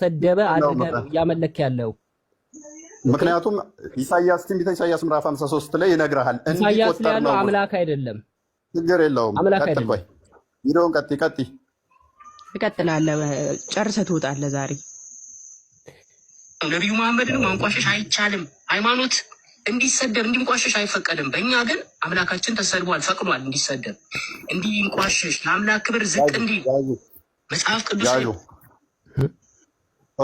ሰደበ አድርገህ እያመለክ ያለው። ምክንያቱም ኢሳያስ ትንቢተ ኢሳያስ ምዕራፍ 53 ላይ ይነግርሃል። ኢሳያስ ላይ ያለው አምላክ አይደለም። ችግር የለውም። አምላክ አይደለም። ቪዲዮውን ቀጥ ቀጥ እቀጥላለሁ። ጨርሰህ ትወጣለህ ዛሬ ነቢዩ መሐመድን ማንቋሸሽ አይቻልም። ሃይማኖት እንዲሰደብ እንዲንቋሸሽ አይፈቀድም። በእኛ ግን አምላካችን ተሰድቧል፣ ፈቅዷል። እንዲሰደብ እንዲንቋሸሽ ለአምላክ ክብር ዝቅ እንዲል መጽሐፍ ቅዱስ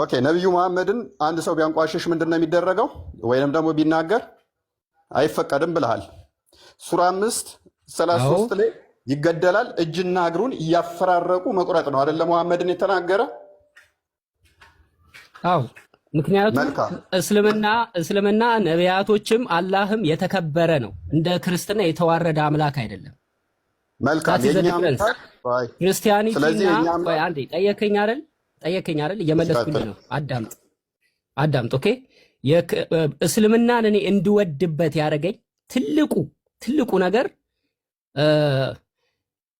ኦኬ ነቢዩ መሐመድን አንድ ሰው ቢያንቋሽሽ ምንድን ነው የሚደረገው? ወይንም ደግሞ ቢናገር አይፈቀድም ብለሃል። ሱራ አምስት ሰላሳ ሶስት ላይ ይገደላል። እጅና እግሩን እያፈራረቁ መቁረጥ ነው አደለ? መሐመድን የተናገረ አዎ። ምክንያቱም እስልምና እስልምና ነቢያቶችም አላህም የተከበረ ነው። እንደ ክርስትና የተዋረደ አምላክ አይደለም። መልካም ክርስቲያኒቲና ጠየከኝ አይደል ጠየከኝ አይደል? እየመለስኩኝ ነው። አዳምጥ አዳምጥ። ኦኬ እስልምናን እኔ እንድወድበት ያደረገኝ ትልቁ ትልቁ ነገር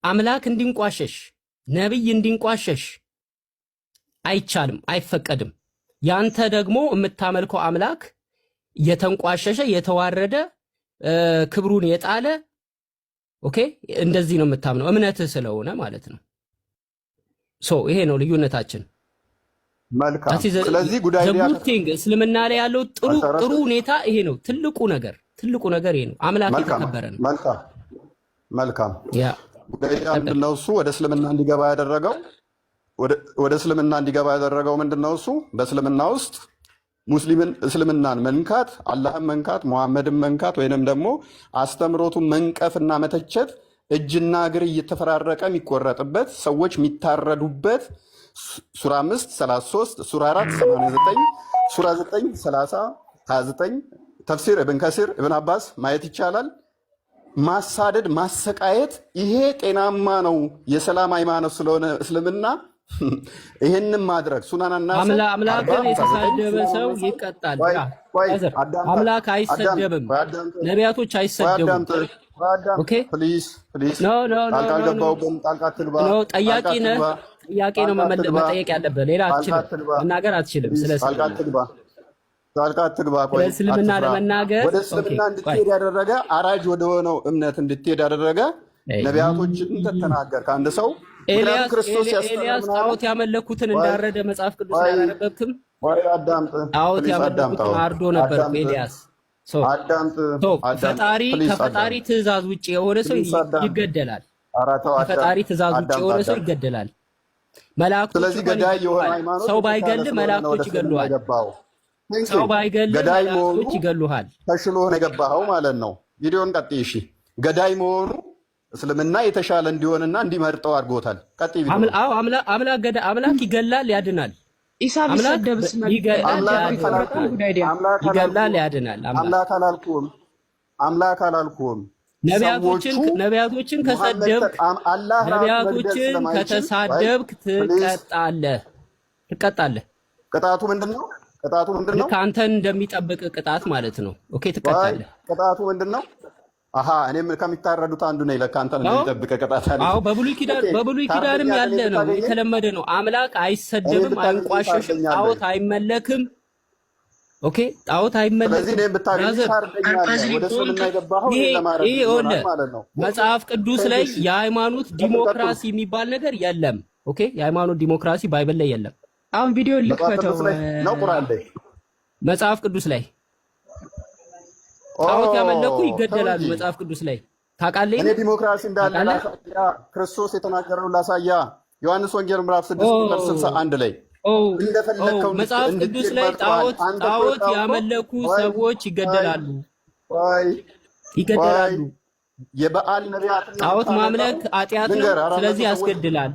አምላክ እንዲንቋሸሽ ነቢይ እንዲንቋሸሽ አይቻልም፣ አይፈቀድም። ያንተ ደግሞ የምታመልከው አምላክ የተንቋሸሸ የተዋረደ ክብሩን የጣለ ኦኬ፣ እንደዚህ ነው የምታምነው እምነትህ ስለሆነ ማለት ነው። ይሄ ነው ልዩነታችን። እስልምና ላይ ያለው ጥሩ ጥሩ ሁኔታ ይሄ ነው። ትልቁ ነገር ትልቁ ነገር ይሄ ነው። አምላክ የተከበረ ነው። መልካም መልካም። እሱ ወደ እስልምና እንዲገባ ያደረገው ወደ እስልምና እንዲገባ ያደረገው ምንድን ነው? እሱ በእስልምና ውስጥ ሙስሊምን እስልምናን መንካት፣ አላህን መንካት፣ መሐመድን መንካት ወይንም ደግሞ አስተምሮቱን መንቀፍና መተቸት እጅና እግር እየተፈራረቀ የሚቆረጥበት ሰዎች የሚታረዱበት ሱራ 5 33 ሱራ 4 89 ሱራ 9 30 29 ተፍሲር እብን ከሲር እብን አባስ ማየት ይቻላል። ማሳደድ ማሰቃየት፣ ይሄ ጤናማ ነው። የሰላም ሃይማኖት ስለሆነ እስልምና ይህንም ማድረግ ሱናናና አምላክን የተሳደበ ሰው ይቀጣል። አምላክ አይሰደብም፣ ነቢያቶች አይሰደቡም። ጠያቂ ነህ፣ ጥያቄ ነው መጠየቅ ያለብህ። ሌላ አትችልም፣ መናገር አትችልም። ጣልቃ አትግባ። ቆይ እስልምና ለመናገር ወደ እስልምና እንድትሄድ ያደረገ አራጅ ወደሆነው እምነት እንድትሄድ ያደረገ ነቢያቶችን ተተናገር ከአንድ ሰው ኤልያስ ጣዖት ያመለኩትን እንዳረደ መጽሐፍ ቅዱስ አላነበብክም? ጣዖት ያመለኩትን አርዶ ነበር ኤልያስ። ፈጣሪ ከፈጣሪ ትእዛዝ ውጭ የሆነ ሰው ይገደላል። ከፈጣሪ ትእዛዝ ውጭ የሆነ ሰው ይገደላል። መላእክቶች ሰው መላእክቶች ይገሉሃል። ሰው ባይገልህ መላእክቶች ይገሉሃል። ተሽሎ ነው የገባኸው ማለት ነው። ቪዲዮን ቀጥይ። እሺ ገዳይ መሆኑ እስልምና የተሻለ እንዲሆንና እንዲመርጠው አድርጎታል። ቀጥይ አምላክ ይገላል፣ ያድናል። ይገላል፣ ያድናል። አምላክ አላልኩም፣ አምላክ አላልኩም። ነቢያቶችን ከሰደብክ ነቢያቶችን ከተሳደብክ ትቀጣለህ፣ ትቀጣለህ። ቅጣቱ ምንድን ነው? ቅጣቱ ምንድን ነው? ከአንተን እንደሚጠብቅ ቅጣት ማለት ነው። ኦኬ፣ ትቀጣለህ። ቅጣቱ ምንድን ነው? አሀ እኔም ከሚታረዱት አንዱ ነኝ። ለካንተ አንተን እንደሚጠብቀ ቅጣት በብሉይ ኪዳን በብሉይ ኪዳንም ያለ ነው፣ የተለመደ ነው። አምላክ አይሰደብም፣ አይንቋሸሽም፣ ጣዖት አይመለክም። ኦኬ ጣዖት አይመለክም። መጽሐፍ ቅዱስ ላይ የሃይማኖት ዲሞክራሲ የሚባል ነገር የለም። ኦኬ የሃይማኖት ዲሞክራሲ ባይብል ላይ የለም። አሁን ቪዲዮ ልክፈተው ነው ቁርአን ላይ መጽሐፍ ቅዱስ ላይ ጣዖት ያመለኩ ይገደላሉ። መጽሐፍ ቅዱስ ላይ ታውቃለህ። እኔ ዲሞክራሲ እንዳለ ላሳያ፣ ክርስቶስ የተናገረው ላሳያ። ዮሐንስ ወንጌል ምዕራፍ 6 ቁጥር 61 ላይ እንደፈለከው መጽሐፍ ቅዱስ ላይ ጣዖት ጣዖት ያመለኩ ሰዎች ይገደላሉ ይገደላሉ። የበዓል ነቢያት ጣዖት ማምለክ ኃጢአት ነው፣ ስለዚህ ያስገድላል።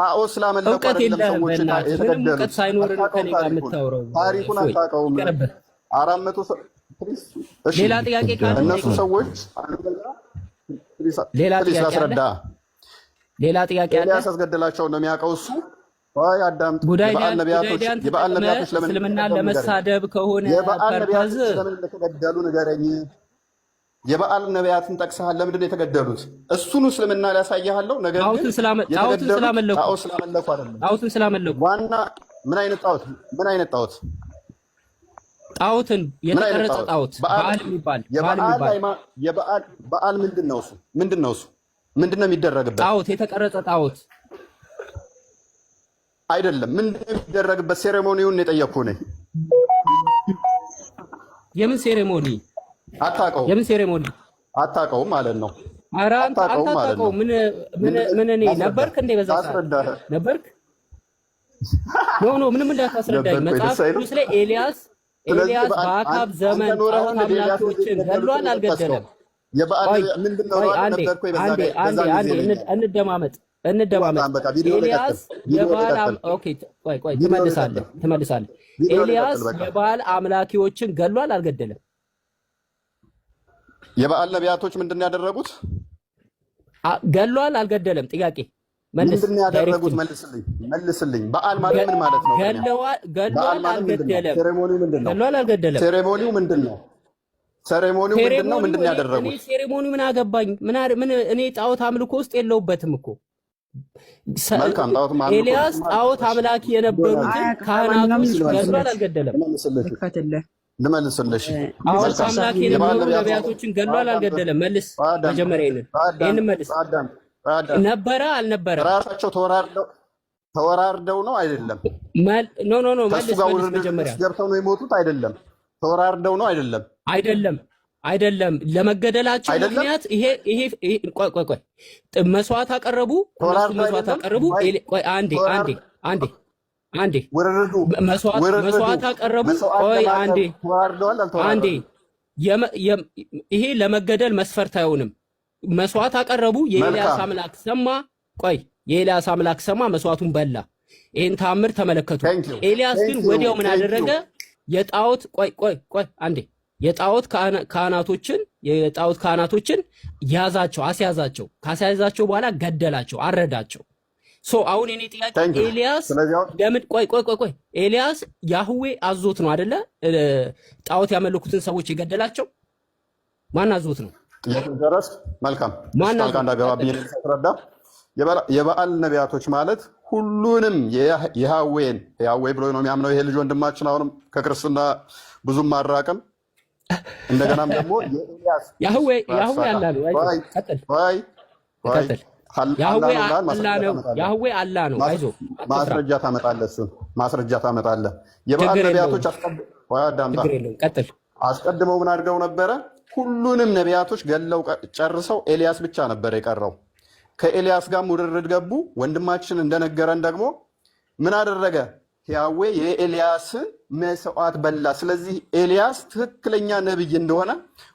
ጣዖት ስላመለኩ አይደለም ሰዎች የተገደሉ። ምንም እውቀት ሳይኖር ከኔ ጋር የምታወራው ታሪኩን አታውቀውም። አራት መቶ ሌላ ጥያቄ እነሱ ሰዎች ላስረዳ። ሌላ ጥያቄ አለ። ያስገደላቸው ነው የሚያውቀው እሱ ጉዳይ የበዓል ነቢያቶች እስልምናን ለመሳደብ ከሆነ የበዓል ነቢያቶች ለምን እንደተገደሉ ንገረኝ። የበዓል ነቢያትን ጠቅሰሃል። ለምንድን ነው የተገደሉት? እሱን እስልምና ሊያሳያሃለው። ነገር ግን ስላመለኩ ስላመለኩ አይደለም። ጣዖትን ስላመለኩ ዋና ምን አይነት ጣዖት ምን አይነት ጣዖት ጣዖትን የተቀረጸ ጣዖት በዓል የሚባል በዓል ምንድን ነው? እሱ ምንድን ነው? እሱ ምንድን ነው የሚደረግበት? ጣዖት የተቀረጸ ጣዖት አይደለም። ምንድን ነው የሚደረግበት? ሴሬሞኒውን የጠየኩህ ነኝ። የምን ሴሬሞኒ አታውቀውም? የምን ሴሬሞኒ አታውቀውም ማለት ነው? ኧረ አታውቀውም። ምን ምን እኔ ነበርክ እንደ በዛ ነበርክ? ኖ ኖ፣ ምንም እንዳታስረዳኝ። መጽሐፍ ቅዱስ ላይ ኤልያስ ኤልያስ በአካብ ዘመን ጣዖት አምላኪዎችን ገሏል አልገደለም? እንደማመጥ እንደማመጥ ኤልያስ የበዓል አምላኪዎችን ገሏል አልገደለም? የበዓል ነቢያቶች ምንድን ነው ያደረጉት? ገሏል አልገደለም? ጥያቄ ምንድን ነው ያደረጉት? መልስልኝ መልስልኝ። በዓል ማለት ምን ማለት ነው? አልገደለም። ሴሬሞኒው ምንድን ነው? ሴሬሞኒው ምንድን ነው? ምንድን ነው? ያደረጉት? ሴሬሞኒው ምን አገባኝ? እኔ ጣዖት አምልኮ ውስጥ የለውበትም እኮ ኤልያስ ጣዖት አምላኪ የነበሩትን ካህናቶች ገድሏል፣ አልገደለም? ልመልስልሽ። ጣዖት አምላኪ የነበሩ ነቢያቶችን ገድሏል፣ አልገደለም? መልስ። መጀመሪያ ይንን ይህንን መልስ ነበረ አልነበረ ራሳቸው ተወራርደው ተወራርደው ነው አይደለም? ኖ ኖ ኖ መልስ መጀመሪያ ገብተው ነው የሞቱት አይደለም? ተወራርደው ነው አይደለም? አይደለም አይደለም። ለመገደላቸው ምክንያት ይሄ ይሄ ቆይ ቆይ ቆይ መስዋዕት አቀረቡ፣ መስዋዕት አቀረቡ። ቆይ አንዴ አንዴ አንዴ አንዴ መስዋዕት አቀረቡ። ቆይ አንዴ አንዴ ይሄ ለመገደል መስፈርት አይሆንም። መስዋዕት አቀረቡ። የኤልያስ አምላክ ሰማ። ቆይ የኤልያስ አምላክ ሰማ፣ መስዋዕቱን በላ። ይህን ተአምር ተመለከቱ። ኤልያስ ግን ወዲያው ምን አደረገ? የጣዖት ቆይ ቆይ ቆይ አንዴ የጣዖት ካህናቶችን የጣዖት ካህናቶችን ያዛቸው፣ አስያዛቸው። ካስያዛቸው በኋላ ገደላቸው፣ አረዳቸው። ሶ አሁን እኔ ጥያቄ ኤልያስ ለምን ቆይ ቆይ ቆይ ቆይ ኤልያስ ያህዌ አዞት ነው አይደለ? ጣዖት ያመለኩትን ሰዎች የገደላቸው ማን አዞት ነው? ጥያቄ ደረስ መልካም ጣልቃ እንዳገባብኝ ረዳ የበዓል ነቢያቶች ማለት ሁሉንም የህዌን ህዌ ብሎ ነው የሚያምነው ይሄ ልጅ ወንድማችን አሁንም ከክርስትና ብዙም ማራቅም እንደገናም ደግሞ ማስረጃ ታመጣለህ ማስረጃ ታመጣለህ የበዓል ነቢያቶች አስቀድመው ምን አድርገው ነበረ ሁሉንም ነቢያቶች ገለው ጨርሰው ኤልያስ ብቻ ነበር የቀረው። ከኤልያስ ጋር ውድድር ገቡ። ወንድማችን እንደነገረን ደግሞ ምን አደረገ? ያዌ የኤልያስን መስዋዕት በላ። ስለዚህ ኤልያስ ትክክለኛ ነብይ እንደሆነ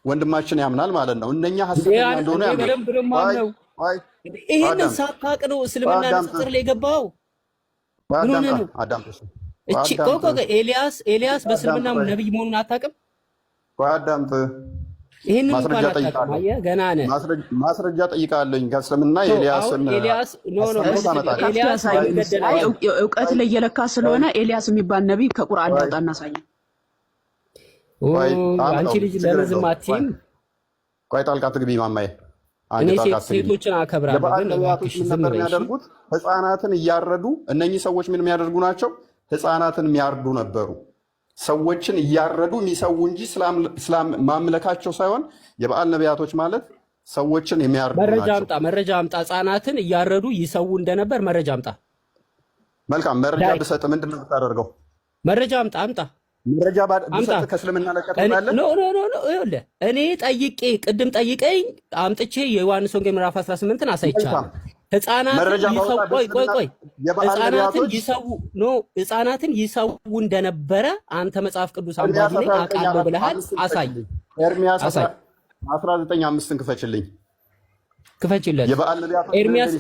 ወንድማችን ያምናል ማለት ነው። እነኛ ሀሰተኛ እንደሆነ ያምናል። ይህንን ነው እስልምና ንጽጽር ላይ የገባው። ኤልያስ በእስልምና ነብይ መሆኑን አታውቅም። አዳምጥ ይህንን እንኳን አታውቅም። ማስረጃ ጠይቃለኝ ከእስልምና ኤልያስን እውቀት ላይ እየለካ ስለሆነ ኤልያስ የሚባል ነቢይ ከቁርአን ያወጣ እናሳየ። አንቺ ልጅ ለመዝማቲም ዝም አትይም? ቆይ ጣልቃ ትግቢ ማማዬ። እኔ ሴቶችን አከብራለሁ፣ ህፃናትን እያረዱ እነኚህ ሰዎች ምን የሚያደርጉ ናቸው? ህፃናትን የሚያርዱ ነበሩ። ሰዎችን እያረዱ የሚሰዉ እንጂ ማምለካቸው ሳይሆን የበዓል ነቢያቶች ማለት ሰዎችን የሚያርዱ መረጃ አምጣ፣ መረጃ አምጣ። ህጻናትን እያረዱ ይሰዉ እንደነበር መረጃ አምጣ። መልካም መረጃ ብሰጥ ምንድን ነው የምታደርገው? መረጃ አምጣ፣ አምጣ፣ መረጃ ብሰጥ ከእስልምና ለቀት እኔ ጠይቄ ቅድም ጠይቀኝ አምጥቼ የዮሐንስ ወንጌል ምዕራፍ 18ን አሳይቻለሁ። ህጻናትን ይሰው እንደነበረ አንተ መጽሐፍ ቅዱስ አንባቢ ነኝ አውቃለሁ ብለሃል። አሳይ። ኤርሚያስ 19 አምስትን ክፈችልኝ ክፈችለት። ኤርሚያስ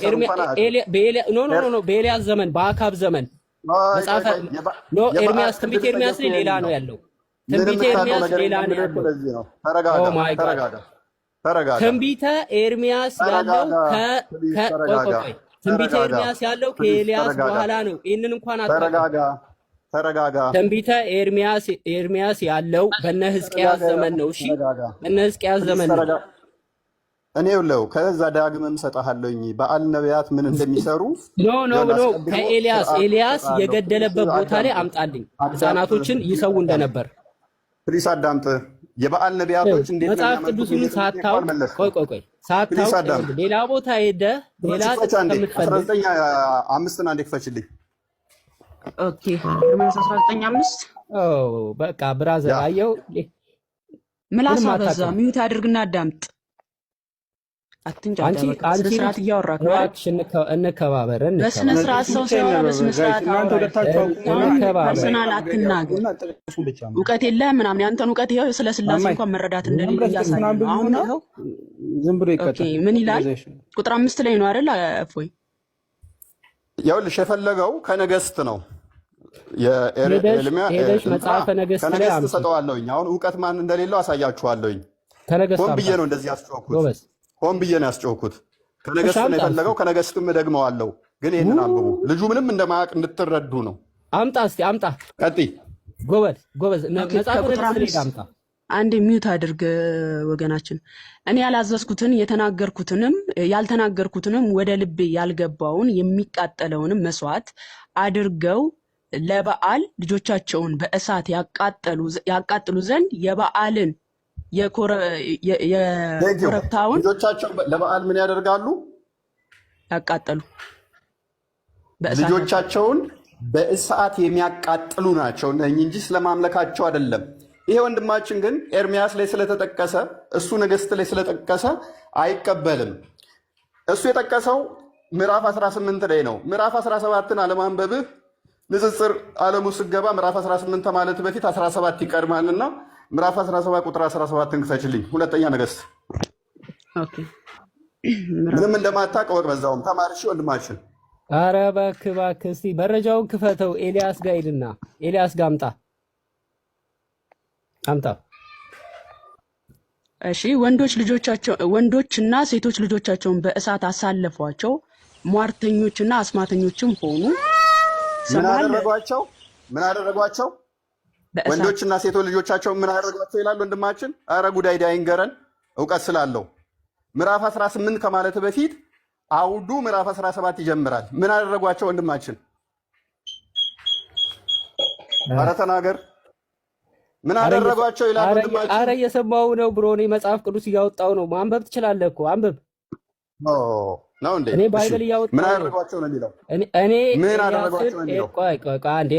በኤልያስ ዘመን በአካብ ዘመን ኤርሚያስ ትንቢት ኤርሚያስ ሌላ ነው ያለው። ትንቢት ኤርሚያስ ሌላ ነው ያለው። oh ትንቢተ ኤርሚያስ ያለው ትንቢተ ኤርሚያስ ያለው ከኤልያስ በኋላ ነው። ይህንን እንኳን ተረጋጋ ተረጋጋ። ትንቢተ ኤርሚያስ ኤርሚያስ ያለው በነ ሕዝቅያስ ዘመን ነው። እሺ በነ ሕዝቅያስ ዘመን ነው። እኔ ለው ከዛ ዳግመም ሰጣሃለኝ በዓል ነቢያት ምን እንደሚሰሩ ኖ ኖ ኖ ከኤልያስ ኤልያስ የገደለበት ቦታ ላይ አምጣልኝ። ህፃናቶችን ይሰው እንደነበር ፕሊስ አዳምጥ። የበዓል ነቢያቶች እንዴት መጽሐፍ ቅዱስን ሳታውቅ ቆይ ቆይ ቆይ ሳታው ሌላ ቦታ ሄደ ሌላ አምስትና አንዴ ክፈችልኝ። ኦኬ በቃ ብራዘር አየው ምላሳ በዛ ሚዩት አድርግና አዳምጥ አትንጫጫበስነስርዓት እያወራክ ምናምን መረዳት አሁን ምን ይላል? ቁጥር አምስት ላይ ይኸውልሽ የፈለገው ከነገስት ነው አሁን እውቀት ማን እንደሌለው አሳያችኋለሁኝ። ሆን ብዬ ነው እንደዚህ ያስጨዋኩት። ሆን ብዬ ነው ያስጨውኩት። ከነገስት ነው የፈለገው። ከነገስትም እደግመዋለሁ። ግን ይህንን አንብቡ። ልጁ ምንም እንደማያውቅ እንድትረዱ ነው። አምጣ እስኪ አምጣ። ቀጥይ ጎበዝ ጎበዝ። አንድ ሚዩት አድርግ ወገናችን። እኔ ያላዘዝኩትን የተናገርኩትንም ያልተናገርኩትንም ወደ ልቤ ያልገባውን የሚቃጠለውንም መስዋዕት አድርገው ለበዓል ልጆቻቸውን በእሳት ያቃጥሉ ዘንድ የበዓልን የኮረብታውን ልጆቻቸው ለበዓል ምን ያደርጋሉ? ያቃጠሉ ልጆቻቸውን በእሳት የሚያቃጥሉ ናቸው እንጂ ስለማምለካቸው አይደለም። ይሄ ወንድማችን ግን ኤርሚያስ ላይ ስለተጠቀሰ እሱ ነገስት ላይ ስለጠቀሰ አይቀበልም። እሱ የጠቀሰው ምዕራፍ 18 ላይ ነው። ምዕራፍ 17ን አለማንበብህ ንጽጽር አለሙ ስገባ ምዕራፍ 18 ማለት በፊት 17 ይቀድማልና ምዕራፍ 17 ቁጥር 17 እንክፈችልኝ። ሁለተኛ ነገስ ምንም እንደማታውቅ ወቅ በዛውም ተማርሽ ወንድማችን። ኧረ እባክህ እባክህ እስኪ መረጃውን ክፈተው። ኤልያስ ጋር ሂድና ኤልያስ ጋር አምጣ አምጣ። እሺ ወንዶች ልጆቻቸው ወንዶችና ሴቶች ልጆቻቸውን በእሳት አሳለፏቸው፣ ሟርተኞችና አስማተኞችም ሆኑ። ምን አደረጓቸው? ምን አደረጓቸው? ወንዶችና ሴቶች ልጆቻቸውን ምን አደረጓቸው ይላል ወንድማችን። አረ ጉዳይ ዳይንገረን እውቀት ስላለው ምዕራፍ 18 ከማለት በፊት አውዱ ምዕራፍ 17 ይጀምራል። ምን አደረጓቸው ወንድማችን? አረ ተናገር። ምን አደረጓቸው ይላል ወንድማችን። አረ እየሰማው ነው ብሮ፣ መጽሐፍ ቅዱስ እያወጣው ነው። ማንበብ ትችላለህ እኮ አንብብ ነው እኔ ባይብል እያወጣሁ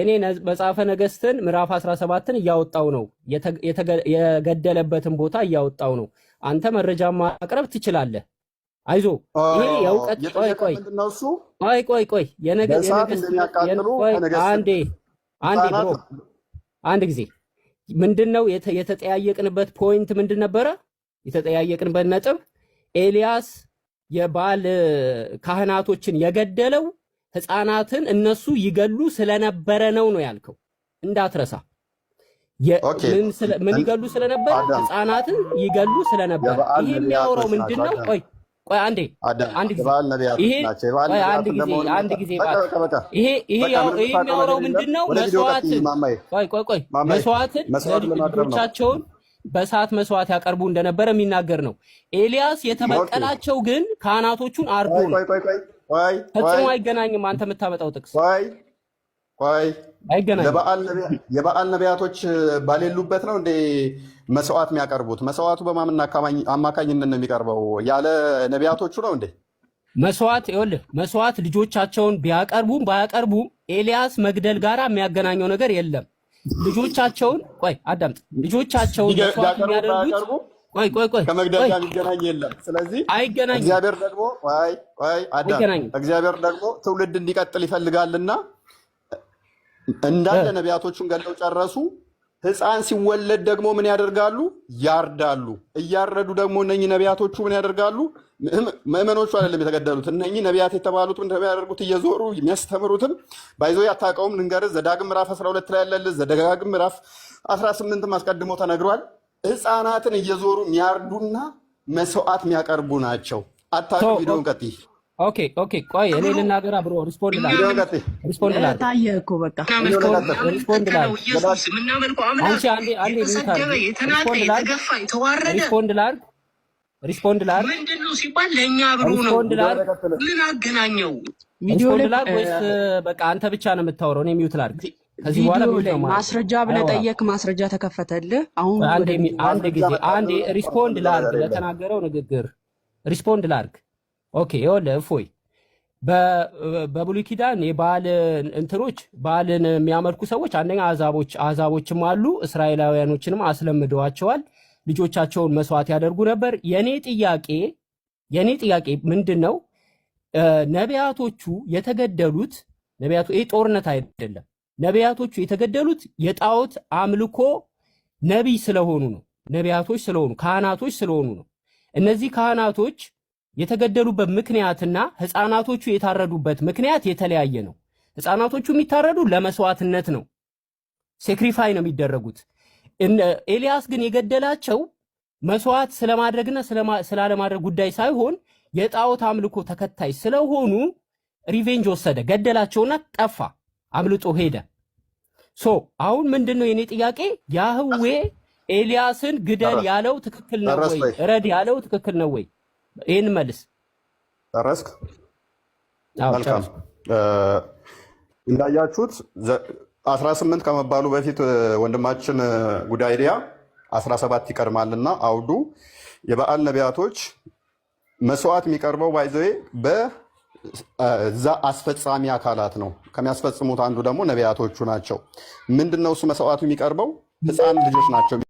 እኔ መጽሐፈ ነገስትን ምዕራፍ 17ን እያወጣው ነው፣ የገደለበትን ቦታ እያወጣው ነው። አንተ መረጃ ማቅረብ ትችላለህ። አይዞ ይሄ የእውቀት ቆይ ቆይ ቆይ ቆይ ቆይ አንዴ አንዴ ብሮ አንድ ጊዜ ምንድን ነው የተጠያየቅንበት ፖይንት ምንድን ነበረ? የተጠያየቅንበት ነጥብ ኤልያስ የባል ካህናቶችን የገደለው ህፃናትን እነሱ ይገሉ ስለነበረ ነው ነው ያልከው፣ እንዳትረሳ። ምን ይገሉ ስለነበረ? ህፃናትን ይገሉ ስለነበረ። ይህ የሚያወራው ምንድን ነው? ቆይ ቆይ አንዴ አንድ ጊዜ ይሄ የሚያወራው ምንድን ነው? መስዋዕትን መስዋዕትን ልጆቻቸውን በሰዓት መስዋዕት ያቀርቡ እንደነበረ የሚናገር ነው። ኤልያስ የተበቀላቸው ግን ካህናቶቹን አርጎ ነው። ፈጽሞ አይገናኝም። አንተ የምታመጣው ጥቅስ የበዓል ነቢያቶች ባሌሉበት ነው እንዴ መስዋዕት የሚያቀርቡት? መስዋዕቱ በማምን አማካኝነት ነው የሚቀርበው ያለ ነቢያቶቹ ነው እንዴ? መስዋዕት ይኸውልህ፣ መስዋዕት ልጆቻቸውን ቢያቀርቡም ባያቀርቡም ኤልያስ መግደል ጋር የሚያገናኘው ነገር የለም። ልጆቻቸውን ቆይ አዳምጥ። ልጆቻቸውን የሚያደርጉት ቆይ ቆይ ቆይ ከመግደል ጋር የሚገናኝ የለም። ስለዚህ አይገናኝም። እግዚአብሔር ደግሞ ቆይ ቆይ አዳም እግዚአብሔር ደግሞ ትውልድ እንዲቀጥል ይፈልጋልና እንዳለ ነቢያቶቹን ገለው ጨረሱ። ህፃን ሲወለድ ደግሞ ምን ያደርጋሉ? ያርዳሉ። እያረዱ ደግሞ እነኚህ ነቢያቶቹ ምን ያደርጋሉ? ምእመኖቹ አይደለም የተገደሉት። እነኚህ ነቢያት የተባሉት እንደሚያደርጉት እየዞሩ የሚያስተምሩትም ባይዞ ያታቀውም ልንገርህ ዘዳግም ምዕራፍ 12 ላይ ያለል ዘደጋግም ምዕራፍ 18 አስቀድሞ ተነግሯል። ህፃናትን እየዞሩ የሚያርዱና መስዋዕት የሚያቀርቡ ናቸው። አታውቅም። ቪዲዮን ቀጥይ። ኦኬ ኦኬ፣ ቆይ እኔ ልናገር አብሮ ሪስፖንድ ላ ላ ታየ እኮ በቃ ሪስፖንድ ላ አንቺ አንዴ አንዴ ሪስፖንድ ላ ሪስፖንድ ላ ሪስፖንድ ላር ምንድን ነው ሲባል ለእኛ ብሎ ነው። ምን አገናኘው? ቪዲዮ ላር ወይስ በቃ አንተ ብቻ ነው የምታወረው እኔ ሚዩት ላርግ። ከዚህ በኋላ ማስረጃ ብለህ ጠየቅ፣ ማስረጃ ተከፈተልህ። አሁን አንድ ጊዜ አንድ ሪስፖንድ ላርግ ለተናገረው ንግግር ሪስፖንድ ላርግ። ኦኬ ይኸውልህ እፎይ በብሉይ ኪዳን የበዓል እንትኖች በዓልን የሚያመልኩ ሰዎች አንደኛ አዛቦች አዛቦችም አሉ እስራኤላውያኖችንም አስለምደዋቸዋል። ልጆቻቸውን መስዋዕት ያደርጉ ነበር። የኔ ጥያቄ የኔ ጥያቄ ምንድን ነው? ነቢያቶቹ የተገደሉት ነቢያቱ ይህ ጦርነት አይደለም። ነቢያቶቹ የተገደሉት የጣዖት አምልኮ ነቢይ ስለሆኑ ነው። ነቢያቶች ስለሆኑ ካህናቶች ስለሆኑ ነው። እነዚህ ካህናቶች የተገደሉበት ምክንያትና ህፃናቶቹ የታረዱበት ምክንያት የተለያየ ነው። ህፃናቶቹ የሚታረዱ ለመስዋዕትነት ነው። ሴክሪፋይ ነው የሚደረጉት። ኤልያስ ግን የገደላቸው መስዋዕት ስለማድረግና ስላለማድረግ ጉዳይ ሳይሆን የጣዖት አምልኮ ተከታይ ስለሆኑ ሪቬንጅ ወሰደ፣ ገደላቸውና ጠፋ፣ አምልጦ ሄደ። ሶ አሁን ምንድን ነው የኔ ጥያቄ? ያህዌ ኤልያስን ግደል ያለው ትክክል ነው ወይ? ረድ ያለው ትክክል ነው ወይ? ይህን መልስ። ጨረስክ? እንዳያችሁት 18 ከመባሉ በፊት ወንድማችን ጉዳይዲያ 17 ይቀድማልና አውዱ የበዓል ነቢያቶች መስዋዕት የሚቀርበው ባይዘዌ በዛ አስፈጻሚ አካላት ነው። ከሚያስፈጽሙት አንዱ ደግሞ ነቢያቶቹ ናቸው። ምንድነው እሱ መስዋዕቱ የሚቀርበው? ህፃን ልጆች ናቸው።